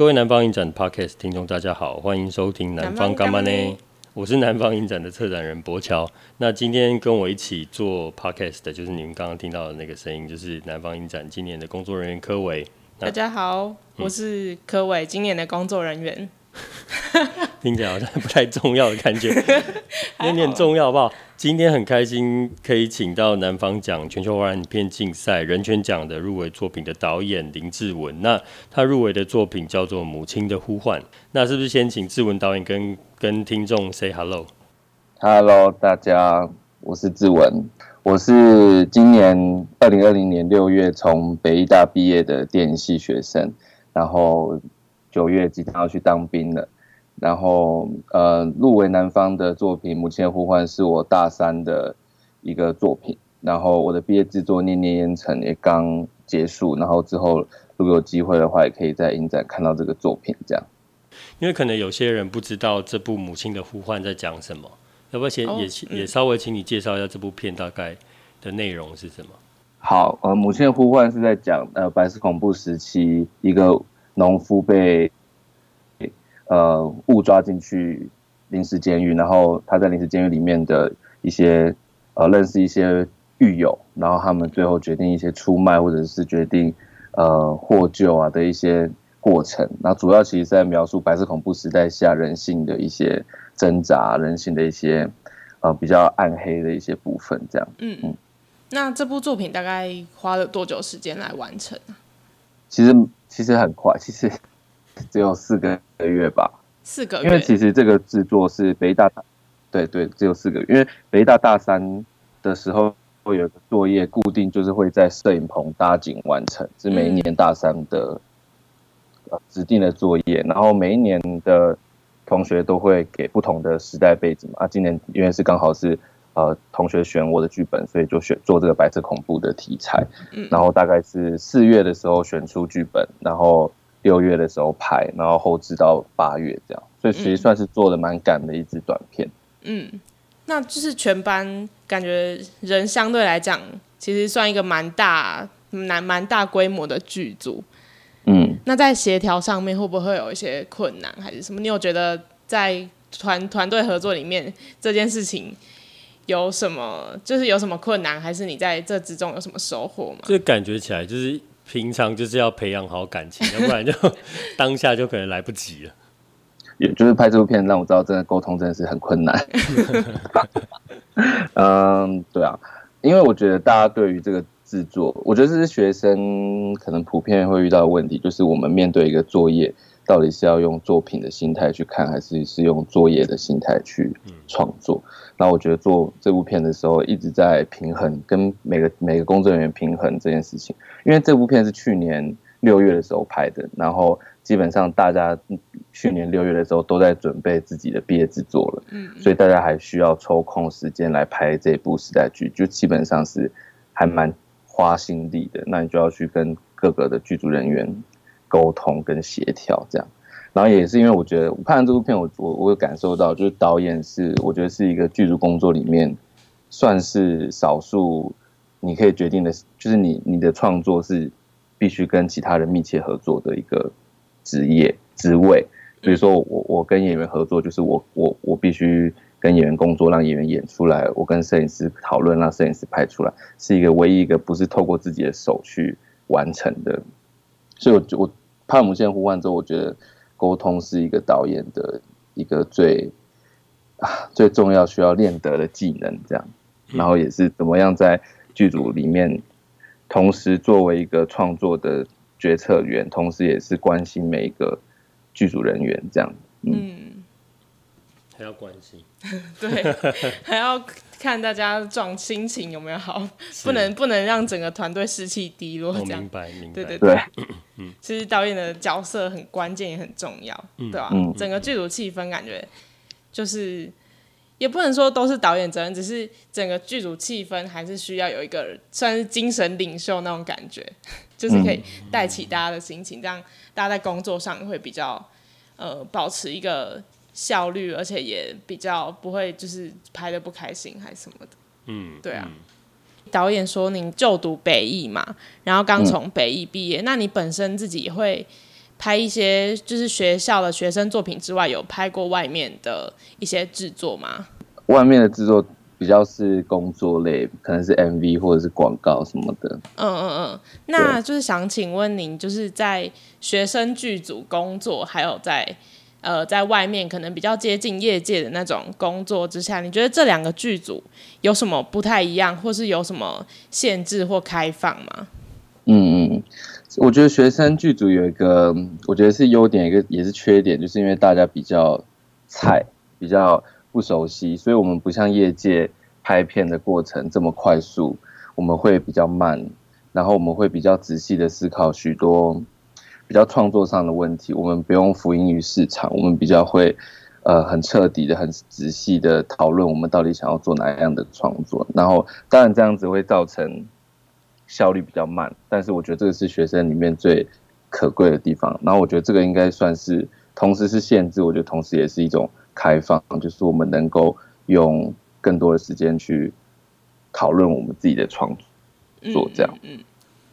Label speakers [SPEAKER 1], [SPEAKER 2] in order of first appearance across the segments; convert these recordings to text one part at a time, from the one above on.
[SPEAKER 1] 各位南方影展 podcast 聽眾，大家好，歡迎收聽南方甘巴呢，我是南方影展的策展人柏喬。那今天跟我一起做 podcast 的就是你們剛剛聽到的那個聲音，就是南方影展今年的工作人員珂溦。大家
[SPEAKER 2] 好，我是珂溦、嗯，今年的工作人員。
[SPEAKER 1] 聽起來好像不太重要的感覺，有點重要好不好？今天很開心可以請到南方獎全球華人影片競賽人權獎的入圍作品的導演林治文，那他入圍的作品叫做《母親的呼喚》，那是不是先請治文導演跟跟聽眾 say
[SPEAKER 3] hello？Hello，hello, 大家，我是治文，我是今年二零二零年六月從北藝大畢業的電影系學生，然後。九月即將要去當兵了，然後呃入圍南方的作品《母親的呼喚》是我大三的一個作品，然後我的畢業制作《念念煙塵》也剛結束，然後之後如果有機會的話，也可以在影展看到這個作品。這樣，
[SPEAKER 1] 因為可能有些人不知道這部《母親的呼喚》在講什麼，要不要先也、哦嗯、也稍微請你介紹一下這部片大概的內容是什麼？
[SPEAKER 3] 好，呃，《母親的呼喚》是在講呃白色恐怖時期一個、嗯。農夫被呃誤抓進去臨時監獄，然後他在臨時監獄裡面的一些呃認識一些獄友，然後他們最後決定一些出賣或者是決定呃獲救啊的一些過程。那主要其實在描述白色恐怖時代下人性的一些掙扎，人性的一些呃比較暗黑的一些部分。這樣，
[SPEAKER 2] 嗯嗯，那這部作品大概花了多久時間來完成？
[SPEAKER 3] 其實。其實很快，其實只有四個月吧，四個月。因為其實這個制作是北大，對，對對，只有四個月。因為北大大三的時候會有一個作業，固定就是會在攝影棚搭景完成，是每一年大三的指定的作業。嗯、然後每一年的同學都會給不同的時代背景嘛，啊，今年因為是剛好是。呃，同學選我的劇本，所以就選做這個白色恐怖的題材。嗯，然後大概是四月的時候選出劇本，然後六月的時候拍，然後後置到八月這樣。所以其實算是做的蠻趕的一支短片。嗯，
[SPEAKER 2] 嗯，那就是全班感覺人相對來講，其實算一個蠻大，蠻蠻大規模的劇組。嗯，那在協調上面會不會有一些困難，還是什麼？你有覺得在團團隊合作裡面這件事情有什麼？就是有什麼困難，還是你在這之中有什麼收穫嗎？
[SPEAKER 1] 就感覺起來，就是平常就是要培養好感情，要 不然就當下就可能來不及了。 也就是
[SPEAKER 3] 拍這部片讓我知道，真的溝通真的是很困難。 嗯，對啊，因為我覺得大家對於這個製作，我覺得這是學生可能普遍會遇到的問題，就是我們面對一個作業。到底是要用作品的心態去看，還是是用作業的心態去創作？那、嗯、我覺得做這部片的時候，一直在平衡跟每個每個工作人員平衡這件事情。因為這部片是去年六月的時候拍的，然後基本上大家去年六月的時候都在準備自己的畢業制作了，嗯，所以大家還需要抽空時間來拍這部時代劇，就基本上是還蠻花心力的。那你就要去跟各個的劇組人員。溝通跟協調這樣，然後也是因為我覺得我看完這部片我，我我我有感受到就是導演是我覺得是一個劇組工作裡面算是少數你可以決定的，就是你你的創作是必須跟其他人密切合作的一個職業職位。比如說我我跟演員合作，就是我我我必須跟演員工作，讓演員演出來；我跟攝影師討論，讓攝影師拍出來，是一個唯一一個不是透過自己的手去完成的。所以我就我。拍母親的呼喚之後，我覺得溝通是一個導演的一個最、啊、最重要需要練得的技能，這樣，然後也是怎麼樣在劇組裡面，同時作為一個創作的決策員，同時也是關心每一個劇組人員這樣，嗯。嗯
[SPEAKER 1] 還要關心， 對，
[SPEAKER 2] 還要看大家狀心情有沒有好， 不能不能讓整個團隊士氣低落。這樣、哦、明白、明白、對對對、嗯。其實導演的角色很關鍵也很重要，嗯、對吧、啊嗯嗯？整個劇組氣氛感覺就是，也不能說都是導演責任，只是整個劇組氣氛還是需要有一個人算是精神領袖那種感覺，就是可以帶起大家的心情、嗯，這樣大家在工作上會比較呃保持一個。效率，而且也比較不會，就是拍的不開心還是什麼的。嗯，對啊。嗯。導演說您就讀北藝嘛，然後剛從北藝畢業。嗯，那你本身自己會拍一些，就是學校的學生作品之外，有拍過外面的一些製作嗎？
[SPEAKER 3] 外面的製作比較是工作類，可能是 MV 或者是廣告什麼的。嗯
[SPEAKER 2] 嗯嗯，那就是想請問您，就是在學生劇組工作，還有在。呃，在外面可能比較接近業界的那種工作之下，你覺得這兩個劇組有什麼不太一樣，或是有什麼限制或開放嗎？嗯
[SPEAKER 3] 嗯，我覺得學生劇組有一個，我覺得是優點，一個也是缺點，就是因為大家比較菜，比較不熟悉，所以我們不像業界拍片的過程這麼快速，我們會比較慢，然後我們會比較仔細的思考許多比較創作上的問題，我們不用服務於市場，我們比較會，呃，很徹底的、很仔細的討論我們到底想要做哪樣的創作。然後，當然這樣子會造成效率比較慢，但是我覺得這個是學生裡面最可貴的地方。然後，我覺得這個應該算是，同時是限制，我覺得同時也是一種開放，就是我們能夠用更多的時間去討論我們自己的創作，這樣
[SPEAKER 2] 嗯，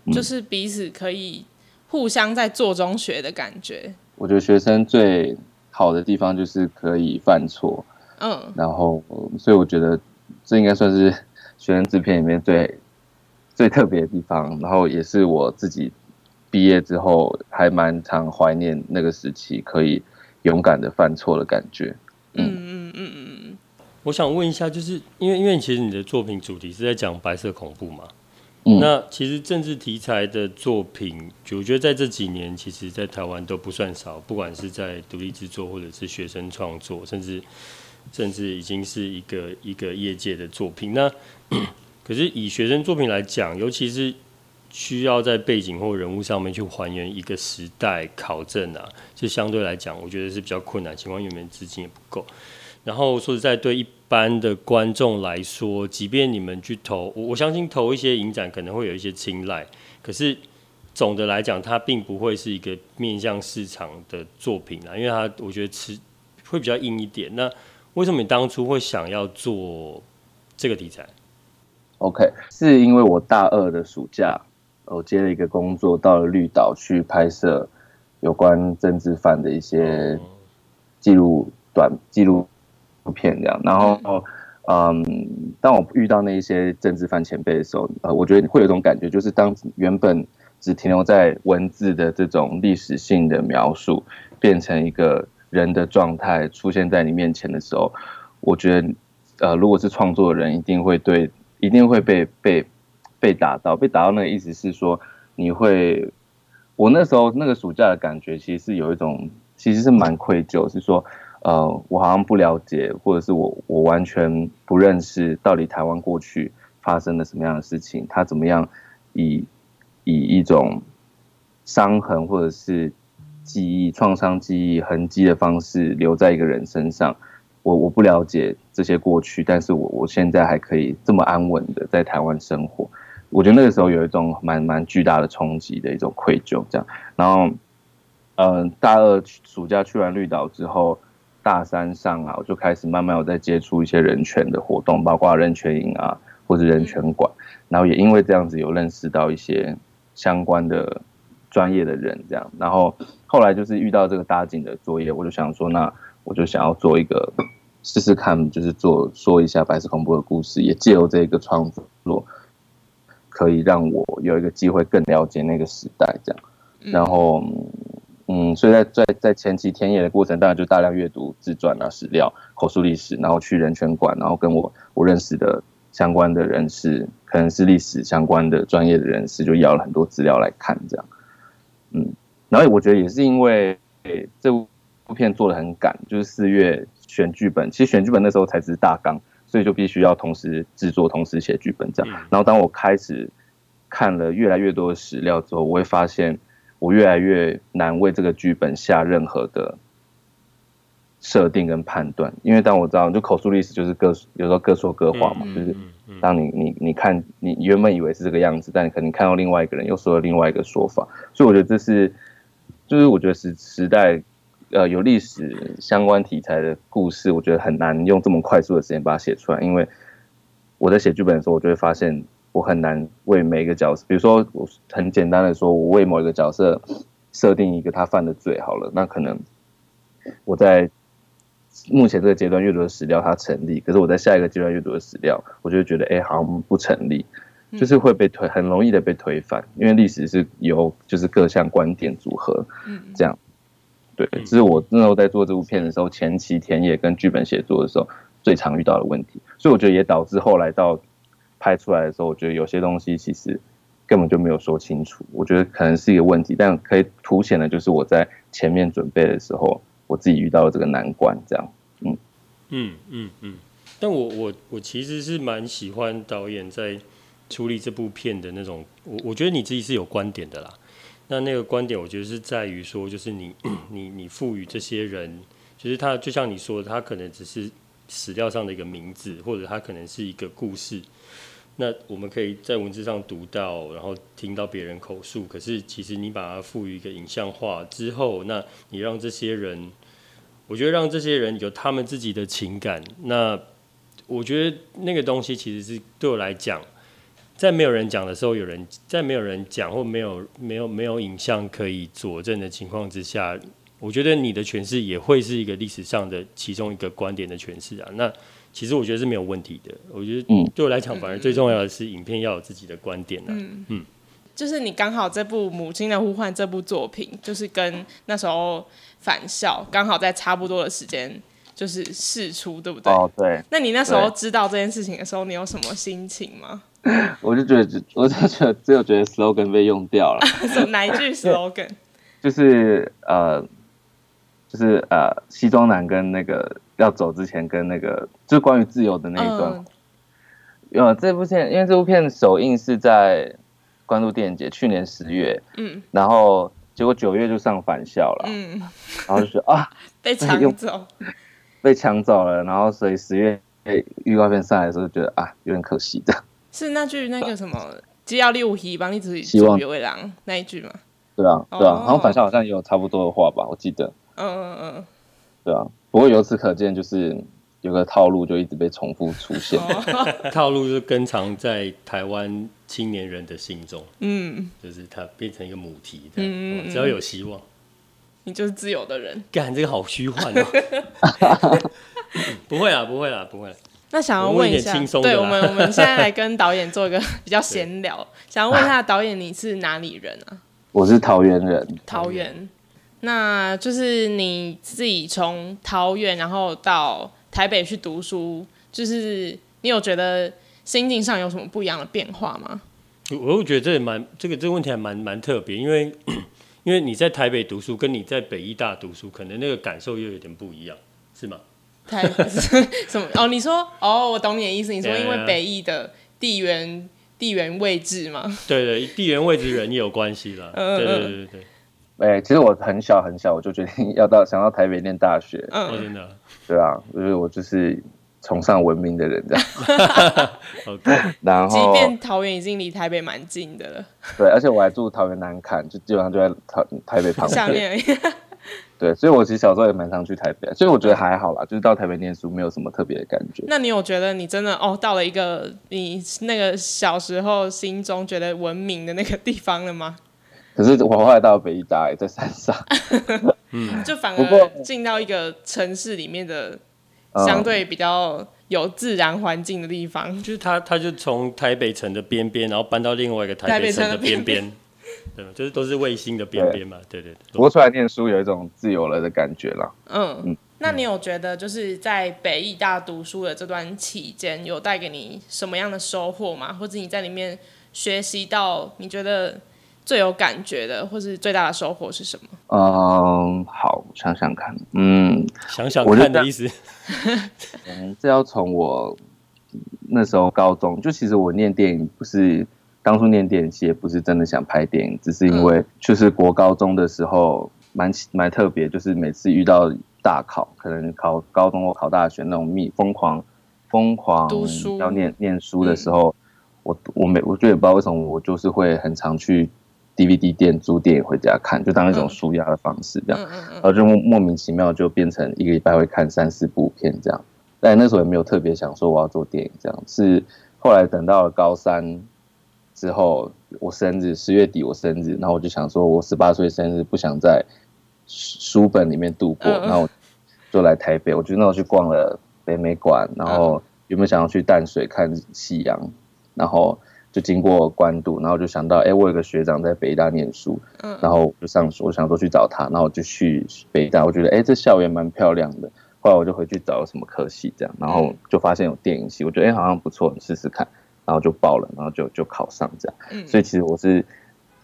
[SPEAKER 2] 嗯，就是彼此可以。互相在做中學的感覺。
[SPEAKER 3] 我覺得學生最好的地方就是可以犯錯，嗯，然後所以我覺得這應該算是學生制片裡面最最特別的地方，然後也是我自己畢業之後還蠻常懷念那個時期可以勇敢的犯錯的感覺。嗯嗯
[SPEAKER 1] 嗯嗯嗯。我想問一下，就是因為因為其實你的作品主題是在講白色恐怖嗎？那其實政治題材的作品，我覺得在這幾年，其實，在台灣都不算少，不管是在獨立製作，或者是學生創作，甚至甚至已經是一個一個業界的作品。那可是以學生作品來講，尤其是需要在背景或人物上面去還原一個時代考證啊，就相對來講，我覺得是比較困難，情況有沒有資金也不夠。然後說實在對一。般的觀眾來說，即便你們去投，我我相信投一些影展可能會有一些青睞。可是總的來講，它並不會是一個面向市場的作品啊，因為它我覺得吃會比較硬一點。那為什麼你當初會想要做這個題材
[SPEAKER 3] ？OK，是因為我大二的暑假，我接了一個工作，到了綠島去拍攝有關政治犯的一些記錄短記錄。嗯片這樣，然後，嗯，當我遇到那一些政治犯前輩的時候，呃，我覺得會有一種感覺，就是當原本只停留在文字的這種歷史性的描述，變成一個人的狀態出現在你面前的時候，我覺得，呃，如果是創作的人，一定會對，一定會被被被打到，被打到那個意思是說，你會，我那時候那個暑假的感覺，其實是有一種，其實是蠻愧疚，是說。呃，我好像不了解，或者是我我完全不認識，到底台灣過去發生了什麼樣的事情？他怎麼樣以以一種傷痕或者是記憶創傷、記憶痕跡的方式留在一個人身上？我我不了解這些過去，但是我我現在還可以這麼安穩的在台灣生活。我覺得那個時候有一種蠻蠻巨大的衝擊的一種愧疚，這樣。然後，嗯，呃，大二暑假去完綠島之後。大山上啊，我就開始慢慢有在接觸一些人權的活動，包括人權營啊，或是人權館。然後也因為這樣子，有認識到一些相關的專業的人，這樣。然後後來就是遇到這個搭景的作業，我就想說，那我就想要做一個試試看，就是做說一下白色恐怖的故事，也借由這個創作，可以讓我有一個機會更了解那個時代，這樣。然後。嗯嗯，所以在在在前期田野的過程，當然就大量閱讀自傳啊、史料、口述歷史，然後去人權館，然後跟我我認識的相關的人士，可能是歷史相關的專業的人士，就要了很多資料來看，這樣。嗯，然後我覺得也是因為這部片做得很趕，就是四月選劇本，其實選劇本那時候才是大綱，所以就必須要同時制作、同時寫劇本這樣。然後當我開始看了越來越多的史料之後，我會發現。我越來越難為這個劇本下任何的設定跟判斷，因為當我知道，就口述歷史就是各有時候各說各話嘛，嗯、就是當你你你看你原本以為是這個樣子，但你可能看到另外一個人又說了另外一個說法，所以我覺得這是就是我覺得時時代呃有歷史相關題材的故事，我覺得很難用這麼快速的時間把它寫出來，因為我在寫劇本的時候，我就會發現。我很難為每一個角色，比如說，我很簡單的說，我為某一個角色設定一個他犯的罪，好了，那可能我在目前這個階段閱讀的史料它成立，可是我在下一個階段閱讀的史料，我就覺得，哎、欸，好像不成立，就是會被推，很容易的被推翻，因為歷史是由就是各項觀點組合，這樣，對，這、就是我那時候在做這部片的時候，前期田野跟劇本寫作的時候最常遇到的問題，所以我覺得也導致後來到。拍出來的時候，我覺得有些東西其實根本就沒有說清楚。我覺得可能是一個問題，但可以凸顯的就是我在前面準備的時候，我自己遇到了這個難關。這樣，
[SPEAKER 1] 嗯，嗯嗯嗯。但我我我其實是蠻喜歡導演在處理這部片的那種。我我覺得你自己是有觀點的啦。那那個觀點，我覺得是在於說，就是你你你賦予這些人，就是他，就像你說的，他可能只是史料上的一個名字，或者他可能是一個故事。那我們可以在文字上讀到，然後聽到別人口述。可是，其實你把它賦予一個影像化之後，那你讓這些人，我覺得讓這些人有他們自己的情感。那我覺得那個東西其實是對我來講，在沒有人講的時候，有人在沒有人講或沒有沒有沒有影像可以佐證的情況之下，我覺得你的詮釋也會是一個歷史上的其中一個觀點的詮釋啊。那其實我覺得是沒有問題的，我覺得嗯，對我來講、嗯，反而最重要的是影片要有自己的觀點了、啊嗯。
[SPEAKER 2] 嗯，就是你剛好這部《母親的呼喚》這部作品，就是跟那時候返校剛好在差不多的時間，就是釋出，對不對？哦，
[SPEAKER 3] 對。那你那時候知
[SPEAKER 2] 道這件事情的時候，你有什麼心情嗎？
[SPEAKER 3] 我就覺得，我就覺得，只有覺得 slogan 被用掉
[SPEAKER 2] 了。哪 一句 slogan？
[SPEAKER 3] 就是呃。就是呃，西裝男跟那個要走之前跟那個，就是關於自由的那一段。呃，這部片，因為這部片首映是在關注電影節，去年十月。嗯。然後結果九月就上《返校》
[SPEAKER 2] 了。
[SPEAKER 3] 嗯。然後就說啊，被搶走，被搶走了。然後所以十月預告片上來的時候，覺得啊，有點可惜的。
[SPEAKER 2] 是那句那個什麼“只要六一西幫你自己希望有未來”那一句嗎？
[SPEAKER 3] 對啊，對啊。然、哦、後《返校》好像也有差不多的話吧，我記得。嗯嗯嗯，對啊，不過由此可見，就是有個套路就一直被重複出現、oh.，
[SPEAKER 1] 套路是跟藏在台灣青年人的心中，嗯、mm.，就是它變成一個母題的、mm.，只要有希望，
[SPEAKER 2] 你就是自由的人。
[SPEAKER 1] 幹這個好虛幻啊！不會啊，不會啊，不會啦，不會啦。那想要問一下，對，我們我們現在來
[SPEAKER 2] 跟導演做一個比較閒聊， 想要問一下導演你是哪裡人啊？啊
[SPEAKER 3] 我是桃園人，
[SPEAKER 2] 桃園。那就是你自己從桃園，然後到台北去讀書，就是你有覺得心境上有什麼不一樣的變化嗎？
[SPEAKER 1] 我會覺得這也蠻這個這個問題還蠻蠻特別，因為因為你在台北讀書，跟你在北藝大讀書，可能那個感受又有點不一樣，是嗎？
[SPEAKER 2] 台北是 什麼？哦、oh,，你說哦，oh, 我懂你的意思。你說因為北藝的地緣、yeah, yeah. 地緣位置嗎？
[SPEAKER 1] 對對，對，地緣位置人也有關係了。 對對對對對。
[SPEAKER 3] 哎、欸，其實我很小很小，我就決定要到，想到台北念大學。我真的，對啊，因、就、為、是、我就是崇尚文明的人這樣。 okay. 然後，即便
[SPEAKER 2] 桃園已經離台北蠻近的了。
[SPEAKER 3] 對，而且我還住桃園南崁，就基本上就在台台北旁邊。對，所以，我其實小時候也蠻常去台北，所以我覺得還好啦，就是到台北念書沒有什麼特別的感覺。
[SPEAKER 2] 那你有覺得你真的哦，到了一個你那個小時候心中覺得文明的那個地方了嗎？
[SPEAKER 3] 可是我後來到北藝大，也在山上，嗯， 就反而
[SPEAKER 2] 進到一個城市裡面的相對比較有自然環境的地方。嗯。就是
[SPEAKER 1] 他，他就從台北城的邊邊，然後搬到另外一個台北城的邊邊，對，就是都是衛星的邊邊嘛。對對對。
[SPEAKER 3] 不過出來念書有一種自由了的感覺了。嗯，嗯，
[SPEAKER 2] 那你有覺得就是在北藝大讀書的這段期間，有帶給你什麼樣的收穫嗎？或者你在裡面學習到你覺得？最有感覺的，或是最大的收穫是什
[SPEAKER 3] 麼？嗯、呃，好，想想看，嗯，想想看的意思、 嗯。這要從我那時候高中，就其實我念電影不是當初念電影，其實也不是真的想拍電影，只是因為就是國高中的時候蠻、嗯、蠻特別，就是每次遇到大考，可能考高中或考大學那種密瘋狂瘋狂讀書要念念書的時候，嗯、我我沒我覺得也不知道為什麼我就是會很常去。DVD 店租電影回家看，就當一種舒壓的方式，這樣，然、嗯、後、嗯嗯嗯嗯嗯、就莫名其妙就變成一個禮拜會看三四部片這樣。但那時候也沒有特別想說我要做電影這樣，是後來等到了高三之後，我生日十月底我生日，然後我就想說我十八歲生日不想在書本裡面度過，然後就來台北，我就那時候去逛了北美館，然後有沒有想要去淡水看夕陽，然後。就經過關渡，然後就想到，哎、欸，我有個學長在北大念書，嗯，然後我就上，我想說去找他，然後我就去北大，我覺得，哎、欸，這校園蠻漂亮的。後來我就回去找什麼科系這樣，然後就發現有電影系，我覺得，哎、欸，好像不錯，你試試看，然後就報了，然後就就考上這樣。嗯，所以其實我是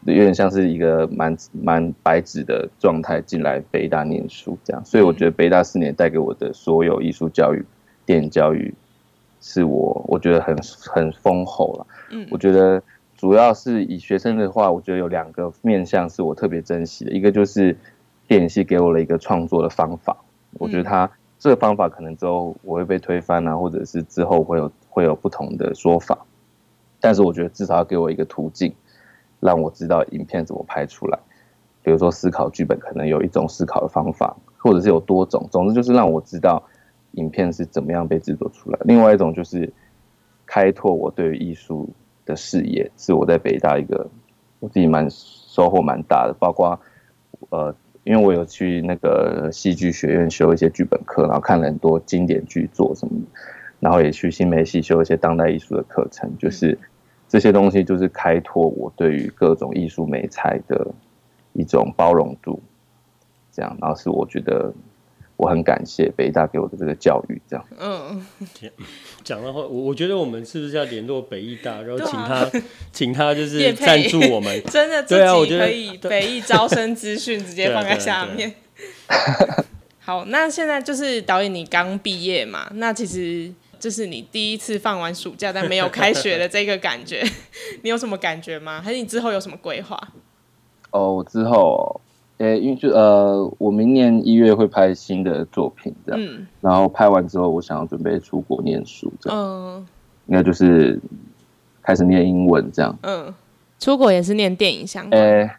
[SPEAKER 3] 有點像是一個蠻蠻白紙的狀態進來北大念書這樣，所以我覺得北大四年帶給我的所有藝術教育、電影教育。是我，我覺得很很豐厚了。嗯，我覺得主要是以學生的話，我覺得有兩個面向是我特別珍惜的。一個就是電影系給我了一個創作的方法，我覺得他這個方法可能之後我會被推翻啊，或者是之後會有會有不同的說法。但是我覺得至少要給我一個途徑，讓我知道影片怎麼拍出來。比如說思考劇本，可能有一種思考的方法，或者是有多種，總之就是讓我知道。影片是怎麼樣被製作出來？另外一種就是開拓我對於藝術的視野，是我在北大一個我自己蠻收穫蠻大的。包括呃，因為我有去那個戲劇學院修一些劇本課，然後看了很多經典劇作什麼，然後也去新媒系修一些當代藝術的課程，就是這些東西就是開拓我對於各種藝術媒材的一種包容度。這樣，然後是我覺得。我很感謝北大給我的這個教育，這樣。
[SPEAKER 1] 嗯，講的話，我我覺得我們是不是要聯絡北藝大，然後請他，啊、請他就是贊助我們？真的自己，對啊，我覺得可以。北藝招生
[SPEAKER 2] 資訊直接放在下面。好，那現在就是導演，你剛畢業嘛？那其實就是你第一次放完暑假但沒有開學的這個感覺， 你有什麼感覺嗎？還是你之後有什麼規劃？
[SPEAKER 3] 哦，我之後。誒、欸，因為就呃，我明年一月會拍新的作品這樣，嗯、然後拍完之後，我想要準備出國念書這樣，呃、應該就是開始念英文這樣。
[SPEAKER 2] 嗯、呃，出國也是念電影相關？
[SPEAKER 3] 欸、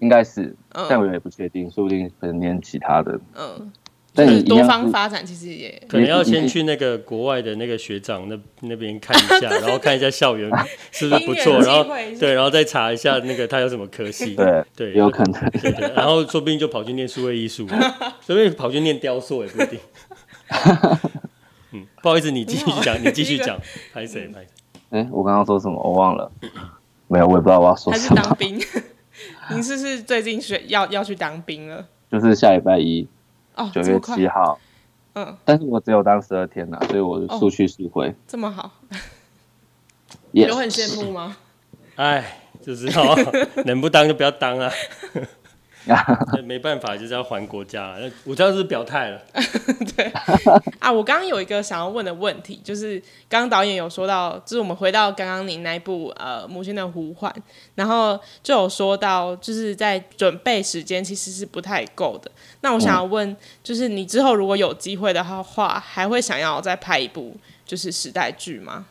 [SPEAKER 3] 應該是，但我也不確定，呃，說不定可能念其他的。嗯、呃。就是、多方發
[SPEAKER 2] 展，其實
[SPEAKER 1] 也可能要先去那個國外的那個學長那那邊看一下， 然後看一下校園是不是不錯， 然後對，然後再查一下那個他有什麼科系，對對，有可能對對對，然後說不定就跑去念數位藝術，說不 定跑去念雕塑也不一定。 嗯、不好意思，你繼續講，你繼續講，拍誰拍？
[SPEAKER 3] 哎、欸，我剛剛說什麼？我忘了嗯嗯，沒有，我也不知道我要說什麼。還是
[SPEAKER 2] 當兵，您是是最近學要要去當兵了，
[SPEAKER 3] 就是下禮拜一。
[SPEAKER 2] 九、oh, 月七號，
[SPEAKER 3] 但是我只有當十二天吶、啊嗯，所以我速去速回、哦，這麼好，你都 很羨
[SPEAKER 2] 慕嗎？
[SPEAKER 1] 哎、yes.，就是哦，能 不當就不要當啊。 沒辦法，就是要還國家。那我這樣是表態了。 對
[SPEAKER 2] 啊，我剛剛有一個想要問的問題，就是剛剛導演有說到，就是我們回到剛剛你那一部呃《母親的呼喚》，然後就有說到，就是在準備時間其實是不太夠的。那我想要問、嗯，就是你之後如果有機會的話，話還會想要再拍一部就是時代劇嗎？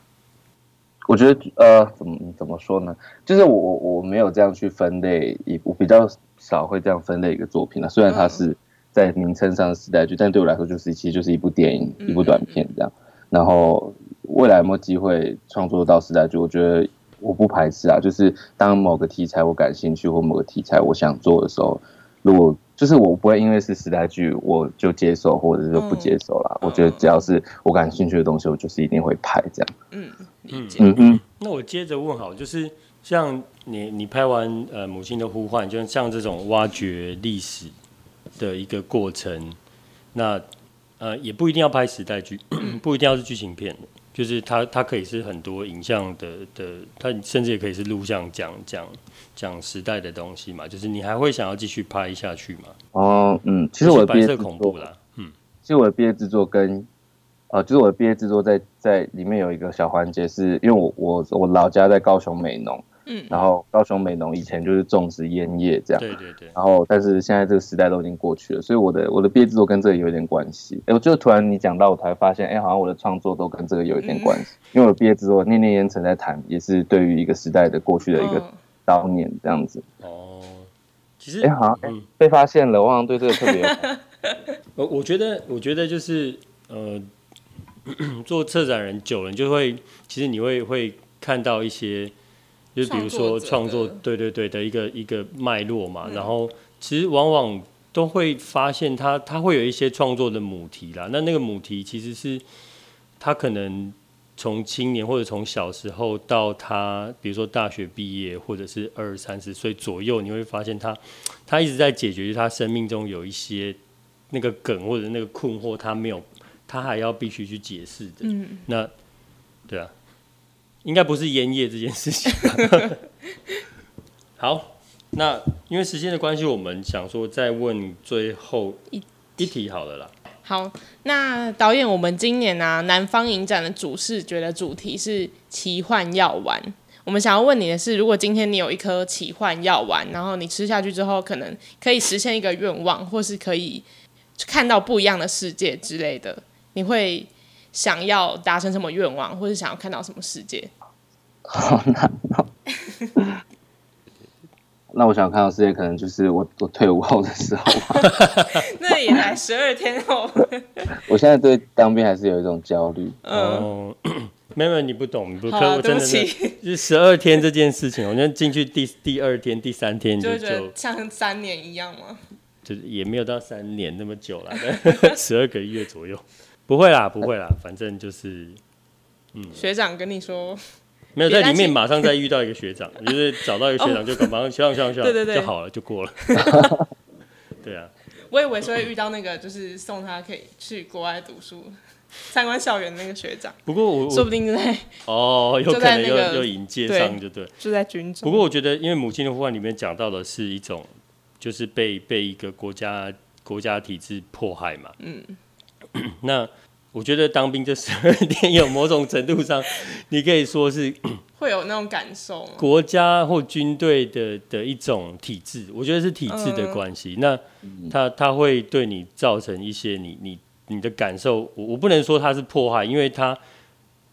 [SPEAKER 3] 我覺得呃，怎麼怎麼說呢？就是我我我沒有這樣去分類我比較。少會這樣分類一個作品、啊、雖然它是在名稱上的時代劇、哦，但對我來說就是其實就是一部電影、嗯，一部短片這樣。然後未來有沒有機會創作到時代劇？我覺得我不排斥啊，就是當某個題材我感興趣或某個題材我想做的時候，如果就是我不會因為是時代劇我就接受或者是就不接受啦、嗯。我覺得只要是我感興趣的東西，我就是一定會拍這樣。嗯嗯，嗯嗯，
[SPEAKER 1] 那我接着問好，就是。像你你拍完呃母親的呼喚，就像這種挖掘歷史的一個過程，那呃也不一定要拍時代劇，不一定要是劇情片，就是它它可以是很多影像的的，它甚至也可以是錄像講講講時代的東西嘛，就是你還會想要繼續拍下去嗎？
[SPEAKER 3] 哦，嗯，其實我的畢業制
[SPEAKER 1] 作，
[SPEAKER 3] 其實我的畢業制作跟呃，就是我的畢業制作在在裡面有一個小環節，是因為我我我老家在高雄美濃。嗯、然後高雄美濃以前就是種植煙葉這樣，對對對。然後但是現在這個時代都已經過去了，所以我的我的畢業製作跟這個有一點關係。哎，我就突然你講到，我才發現，哎，好像我的創作都跟這個有一點關係。因為我畢業製作念念煙塵在談，也是對於一個時代的過去的一個悼念這樣子，欸嗯嗯。哦，其實哎、嗯欸、好像、欸、被發現了，我好像對這個特別、嗯嗯嗯嗯。
[SPEAKER 1] 我我覺得我覺得就是呃咳咳，做策展人久了，就會其實你會會看到一些。就比如說創作，對對對的一個一個脈絡嘛、嗯，然後其實往往都會發現他他會有一些創作的母題啦，那那個母題其實是他可能從青年或者從小時候到他，比如說大學畢業或者是二、二三十歲左右，你會發現他他一直在解決於他生命中有一些那個梗或者那個困惑，他沒有他還要必須去解釋的，嗯、那對啊。應該不是菸葉這件事情。 好，那因為時間的關係，我們想說再問最後一一題好了啦。
[SPEAKER 2] 好，那導演，我們今年呢、啊、南方影展的主視覺的主題是奇幻藥丸。我們想要問你的是，如果今天你有一顆奇幻藥丸，然後你吃下去之後，可能可以實現一個願望，或是可以看到不一樣的世界之類的，你會？想要達成什麼願望，或是想要看到什麼世界？好難
[SPEAKER 3] 喔。 那我想看到世界，可能就是我我退伍後的時候。 那
[SPEAKER 2] 也來十二天後
[SPEAKER 3] 我現在對當兵還是有一種焦慮。嗯，
[SPEAKER 1] 妹、哦、妹你不懂，你不懂我真的是十二天這件事情，我覺得進去第 第二天、第三天你就，就
[SPEAKER 2] 像三年一樣嗎？就
[SPEAKER 1] 是也沒有到三年那麼久了，十 二個月左右。不會啦，不會啦，反正就是，嗯、學
[SPEAKER 2] 長跟你說，沒有在裡面，馬上再
[SPEAKER 1] 遇到一個學長， 就是找到一個學長就，就、哦、馬上學長學長學長，對對對，就好了就過了， 對啊。
[SPEAKER 2] 我也以為是會遇到那個，就是送他可以去國外讀書、參觀校園那個學長。不過我，我說不定在哦
[SPEAKER 1] 就在、那個，有可能又又迎接上就對，對，就在軍中。不過我覺得，因為《母親的呼喚》裡面講到的是一種，就是被被一個國家國家體制迫害嘛，嗯， 那。我覺得當兵這十二年，有某種程度上，你可以說是
[SPEAKER 2] 會有那種感受。
[SPEAKER 1] 國家或軍隊的的一種體制，我覺得是體制的關係、嗯。那他他會對你造成一些你你你的感受。我我不能說它是迫害，因為他。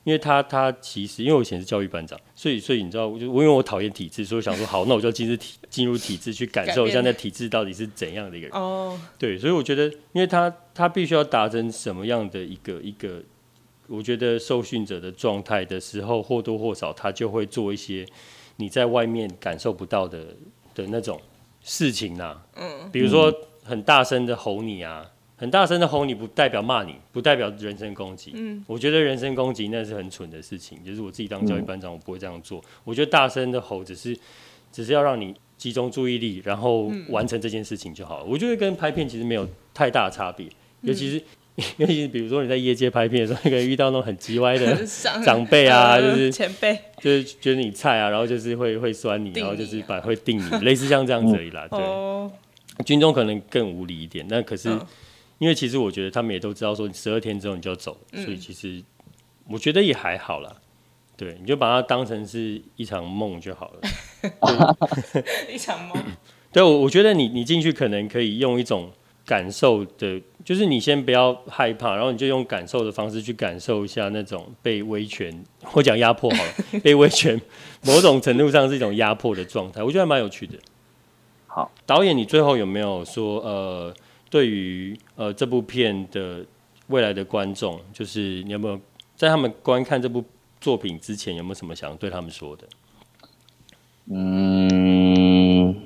[SPEAKER 1] 因為他他其實，因為我以前是教育班長，所以所以你知道，我就我因為我討厭體制，所以想說 好，那我就進入體進入體制去感受一下那體制到底是怎樣的一個人。對，所以我覺得，因為他他必須要達成什麼樣的一個一個，我覺得受訓者的狀態的時候，或多或少他就會做一些你在外面感受不到的的那種事情吶、啊嗯，比如說很大聲的吼你啊。很大聲的吼你不代表罵你，不代表人身攻擊。嗯，我覺得人身攻擊那是很蠢的事情。就是我自己當教育班長，我不會這樣做。嗯、我覺得大聲的吼只是，只是要讓你集中注意力，然後完成這件事情就好了。嗯、我覺得跟拍片其實沒有太大差別。尤其是，尤、嗯、其是比如說你在業界拍片的時候，你可以遇到那種很嘰歪的長輩啊、呃，就是前輩，就是覺得你菜啊，然後就是會會酸你，然後就是把會定你，定你，類似像這樣子而已啦。嗯、對、哦，軍中可能更無理一點，那可是。嗯因為其實我覺得他們也都知道說，你十二天之後你就要走了，嗯，所以其實我覺得也還好啦。對，你就把它當成是一場夢就好了，對 一場夢夢。 對，我我覺得你你進去可能可以用一種感受的，就是你先不要害怕，然後你就用感受的方式去感受一下那種被威權，或講壓迫好了， 被威權某種程度上是一種壓迫的狀態，我覺得還蠻有趣的。好，導演，你最後有沒有說呃？對於呃這部片的未來的觀眾，就是你有沒有在他們觀看這部作品之前，有沒有什麼想要對他們說的？
[SPEAKER 3] 嗯，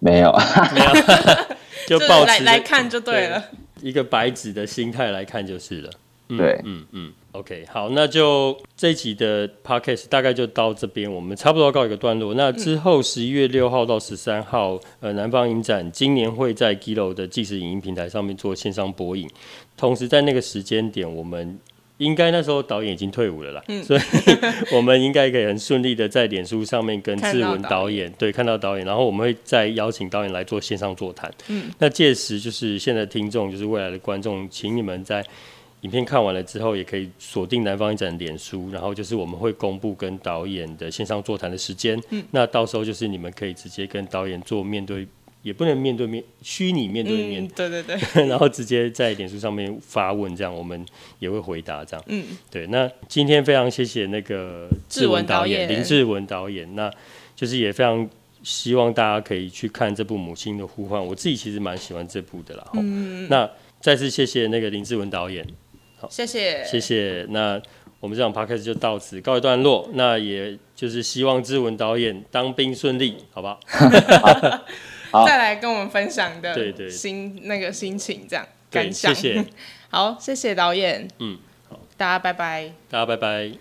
[SPEAKER 3] 沒有，沒
[SPEAKER 1] 有， 就,抱就來來看就對了。對，一個白紙的心態來看就是了。嗯，對，嗯嗯。OK，好，那就這一集的 podcast 大概就到這邊，我們差不多告一個段落。那之後十一月六號到十三號，嗯，呃，南方影展今年會在 Giloo 的即時影音平台上面做線上播映，同時在那個時間點，我們應該那時候導演已經退伍了啦，嗯，所以我們應該可以很順利的在臉書上面跟志文導演，看到導演，對，看到導演，然後我們會再邀請導演來做線上座談。嗯，那屆時就是現在聽眾，就是未來的觀眾，請你們在。影片看完了之後，也可以鎖定南方影展臉書，然後就是我們會公布跟導演的線上座談的時間，嗯。那到時候就是你們可以直接跟導演做面對，也不能面對面，虛擬面對面，嗯。對對對。 然後直接在臉書上面發問，這樣我們也會回答這樣。嗯，對。那今天非常謝謝那個治文導演，治文導演，林治文導演。那就是也非常希望大家可以去看這部《母親的呼喚》，我自己其實蠻喜歡這部的啦。嗯。那再次謝謝那個林治文導演。謝謝，謝謝。那我們這場 podcast 就到此告一段落。那也就是希望治文導演當兵順利，好吧？ 好，再
[SPEAKER 2] 來跟我們分享的心那個心情這樣感謝，謝好，謝謝導演。嗯，好，大家拜拜，
[SPEAKER 1] 大家拜拜。